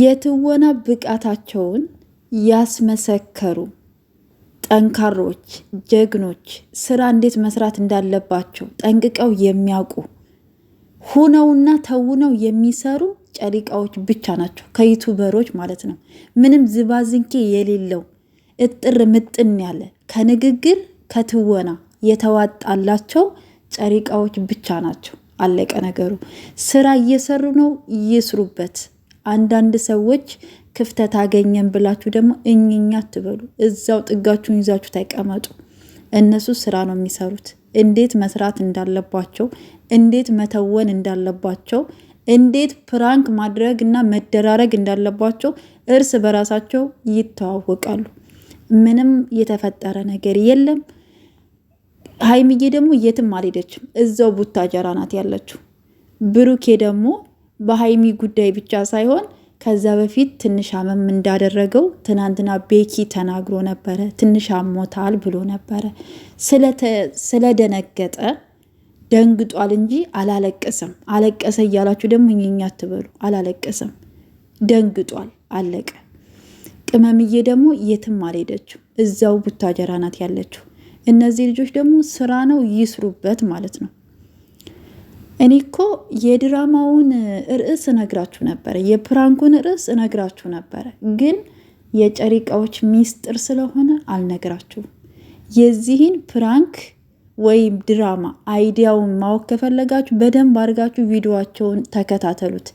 የትወና ብቃታቸውን ያስመሰከሩ ጠንካሮች፣ ጀግኖች፣ ስራ እንዴት መስራት እንዳለባቸው ጠንቅቀው የሚያውቁ ሁነውና ተውነው የሚሰሩ ጨሪቃዎች ብቻ ናቸው፣ ከዩቱበሮች ማለት ነው። ምንም ዝባዝንኬ የሌለው እጥር ምጥን ያለ ከንግግር ከትወና የተዋጣላቸው ጨሪቃዎች ብቻ ናቸው። አለቀ ነገሩ። ስራ እየሰሩ ነው፣ ይስሩበት። አንዳንድ ሰዎች ክፍተት አገኘን ብላችሁ ደግሞ እኝኛ አትበሉ። እዛው ጥጋችሁን ይዛችሁ ተቀመጡ። እነሱ ስራ ነው የሚሰሩት። እንዴት መስራት እንዳለባቸው፣ እንዴት መተወን እንዳለባቸው፣ እንዴት ፕራንክ ማድረግ እና መደራረግ እንዳለባቸው እርስ በራሳቸው ይተዋወቃሉ። ምንም የተፈጠረ ነገር የለም። ሀይሚዬ ደግሞ የትም አልሄደችም። እዛው ቡታጀራ ናት ያለችው። ብሩኬ ደግሞ በሀይሚ ጉዳይ ብቻ ሳይሆን ከዛ በፊት ትንሽ አመም እንዳደረገው ትናንትና ቤኪ ተናግሮ ነበረ። ትንሽ አሞታል ብሎ ነበረ። ስለደነገጠ ደንግጧል እንጂ አላለቀሰም። አለቀሰ እያላችሁ ደግሞ እኛ አትበሉ። አላለቀሰም፣ ደንግጧል። አለቀ። ቅመምዬ ደግሞ የትም አልሄደችም፣ እዛው ቡታጀራ ናት ያለችው። እነዚህ ልጆች ደግሞ ስራ ነው ይስሩበት ማለት ነው። እኔ እኮ የድራማውን ርዕስ እነግራችሁ ነበረ፣ የፕራንኩን ርዕስ እነግራችሁ ነበረ፣ ግን የጨሪቃዎች ሚስጥር ስለሆነ አልነግራችሁም። የዚህን ፕራንክ ወይም ድራማ አይዲያውን ማወቅ ከፈለጋችሁ በደንብ አድርጋችሁ ቪዲዮቸውን ተከታተሉት።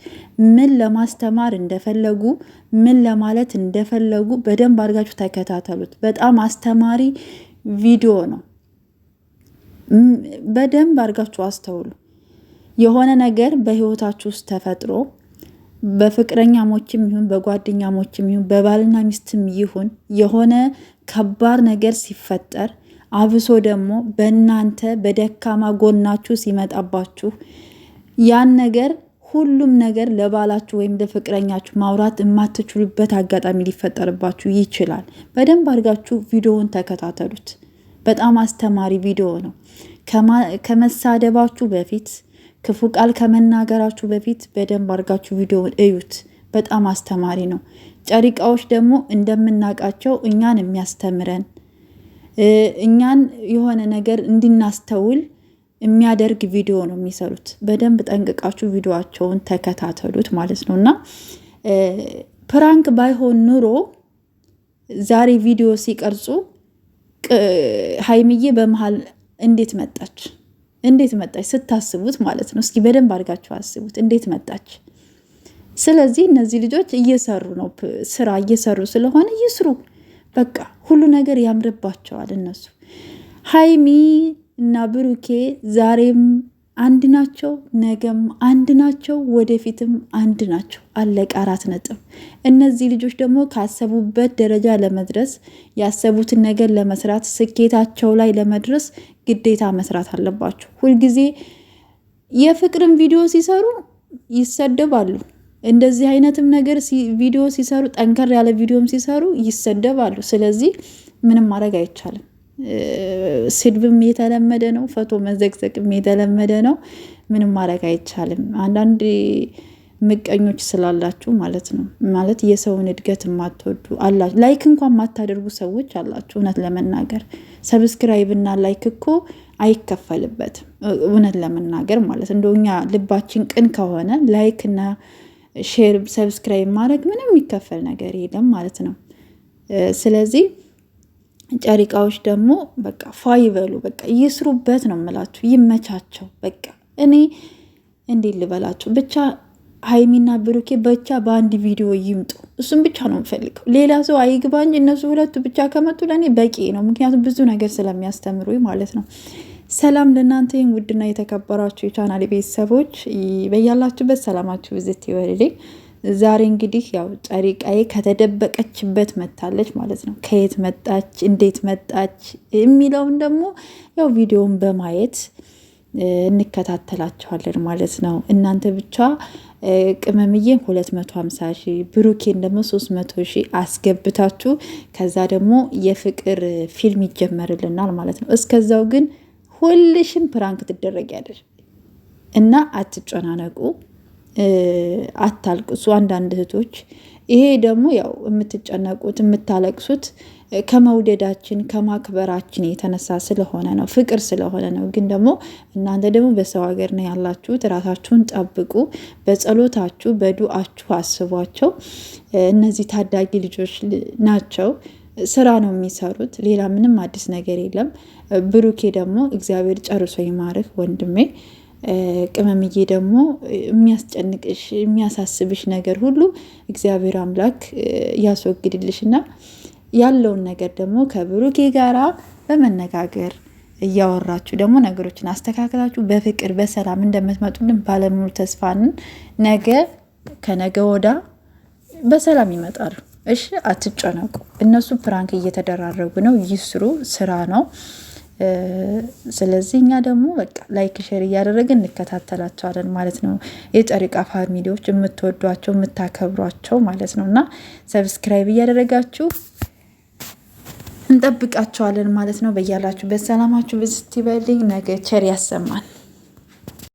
ምን ለማስተማር እንደፈለጉ ምን ለማለት እንደፈለጉ በደንብ አድርጋችሁ ተከታተሉት። በጣም አስተማሪ ቪዲዮ ነው። በደንብ አድርጋችሁ አስተውሉ። የሆነ ነገር በህይወታችሁ ውስጥ ተፈጥሮ በፍቅረኛሞችም ይሁን በጓደኛሞችም ይሁን በባልና ሚስትም ይሁን የሆነ ከባድ ነገር ሲፈጠር አብሶ ደግሞ በእናንተ በደካማ ጎናችሁ ሲመጣባችሁ ያን ነገር ሁሉም ነገር ለባላችሁ ወይም ለፍቅረኛችሁ ማውራት የማትችሉበት አጋጣሚ ሊፈጠርባችሁ ይችላል። በደንብ አድርጋችሁ ቪዲዮውን ተከታተሉት። በጣም አስተማሪ ቪዲዮ ነው። ከመሳደባችሁ በፊት ክፉ ቃል ከመናገራችሁ በፊት በደንብ አድርጋችሁ ቪዲዮውን እዩት። በጣም አስተማሪ ነው። ጨሪቃዎች ደግሞ እንደምናውቃቸው እኛን የሚያስተምረን እኛን የሆነ ነገር እንድናስተውል የሚያደርግ ቪዲዮ ነው የሚሰሩት። በደንብ ጠንቅቃችሁ ቪዲዮቸውን ተከታተሉት ማለት ነው እና ፕራንክ ባይሆን ኑሮ ዛሬ ቪዲዮ ሲቀርጹ ሀይምዬ በመሀል እንዴት መጣች እንዴት መጣች ስታስቡት ማለት ነው። እስኪ በደንብ አድርጋችሁ አስቡት፣ እንዴት መጣች? ስለዚህ እነዚህ ልጆች እየሰሩ ነው፣ ስራ እየሰሩ ስለሆነ ይስሩ። በቃ ሁሉ ነገር ያምርባቸዋል። እነሱ ሀይሚ እና ብሩኬ ዛሬም አንድ ናቸው፣ ነገም አንድ ናቸው፣ ወደፊትም አንድ ናቸው። አለቀ። አራት ነጥብ። እነዚህ ልጆች ደግሞ ካሰቡበት ደረጃ ለመድረስ ያሰቡትን ነገር ለመስራት ስኬታቸው ላይ ለመድረስ ግዴታ መስራት አለባቸው። ሁልጊዜ የፍቅርን ቪዲዮ ሲሰሩ ይሰደባሉ። እንደዚህ አይነትም ነገር ቪዲዮ ሲሰሩ፣ ጠንከር ያለ ቪዲዮም ሲሰሩ ይሰደባሉ። ስለዚህ ምንም ማድረግ አይቻልም። ስድብም የተለመደ ነው። ፈቶ መዘግዘግም የተለመደ ነው። ምንም ማድረግ አይቻልም። አንዳንድ ምቀኞች ስላላችሁ ማለት ነው። ማለት የሰውን እድገት የማትወዱ አላችሁ፣ ላይክ እንኳን የማታደርጉ ሰዎች አላችሁ። እውነት ለመናገር ሰብስክራይብ እና ላይክ እኮ አይከፈልበትም። እውነት ለመናገር ማለት እንደው እኛ ልባችን ቅን ከሆነ ላይክ እና ሼር፣ ሰብስክራይብ ማድረግ ምንም የሚከፈል ነገር የለም ማለት ነው። ስለዚህ ጨሪቃዎች ደግሞ በቃ ፋይበሉ በቃ ይስሩበት ነው የምላችሁ። ይመቻቸው። በቃ እኔ እንዴ ልበላችሁ ብቻ ሀይሚና ብሩኬ ብቻ በአንድ ቪዲዮ ይምጡ። እሱም ብቻ ነው የምፈልገው። ሌላ ሰው አይግባ እንጂ እነሱ ሁለቱ ብቻ ከመጡ ለእኔ በቂ ነው። ምክንያቱም ብዙ ነገር ስለሚያስተምሩ ማለት ነው። ሰላም ለእናንተ ይህን ውድና የተከበራችሁ የቻናል ቤተሰቦች፣ በያላችሁበት ሰላማችሁ ብዝት ይበልልኝ። ዛሬ እንግዲህ ያው ጨሪቃዬ ከተደበቀችበት መታለች ማለት ነው። ከየት መጣች፣ እንዴት መጣች የሚለውን ደግሞ ያው ቪዲዮውን በማየት እንከታተላቸዋለን ማለት ነው። እናንተ ብቻ ቅመምዬን 250 ሺ ብሩኬን ደግሞ 300 ሺ አስገብታችሁ ከዛ ደግሞ የፍቅር ፊልም ይጀመርልናል ማለት ነው። እስከዛው ግን ሁልሽም ፕራንክ ትደረጊያለሽ እና አትጨናነቁ። አታልቅሱ። አንዳንድ እህቶች ይሄ ደግሞ ያው የምትጨነቁት የምታለቅሱት ከመውደዳችን ከማክበራችን የተነሳ ስለሆነ ነው፣ ፍቅር ስለሆነ ነው። ግን ደግሞ እናንተ ደግሞ በሰው ሀገር ነው ያላችሁት። ራሳችሁን ጠብቁ። በጸሎታችሁ በዱአችሁ አስቧቸው። እነዚህ ታዳጊ ልጆች ናቸው። ስራ ነው የሚሰሩት። ሌላ ምንም አዲስ ነገር የለም። ብሩኬ ደግሞ እግዚአብሔር ጨርሶ ይማርህ ወንድሜ። ቅመምዬ ደግሞ የሚያስጨንቅሽ የሚያሳስብሽ ነገር ሁሉ እግዚአብሔር አምላክ እና ያለውን ነገር ደግሞ ከብሩኬ ጋራ በመነጋገር እያወራችሁ ደግሞ ነገሮችን አስተካክላችሁ በፍቅር በሰላም እንደምትመጡልን ባለሙሉ ተስፋንን ነገ ከነገ ወዳ በሰላም ይመጣሉ። እሺ፣ አትጨነቁ። እነሱ ፕራንክ እየተደራረጉ ነው። ይስሩ፣ ስራ ነው። ስለዚህ እኛ ደግሞ በቃ ላይክ ሼር እያደረግን እንከታተላቸዋለን ማለት ነው። የጨሪቃ ፋሚሊዎች የምትወዷቸው የምታከብሯቸው ማለት ነው እና ሰብስክራይብ እያደረጋችሁ እንጠብቃቸዋለን ማለት ነው። በያላችሁ በሰላማችሁ ብዝት ይበልኝ። ነገ ቸር ያሰማል።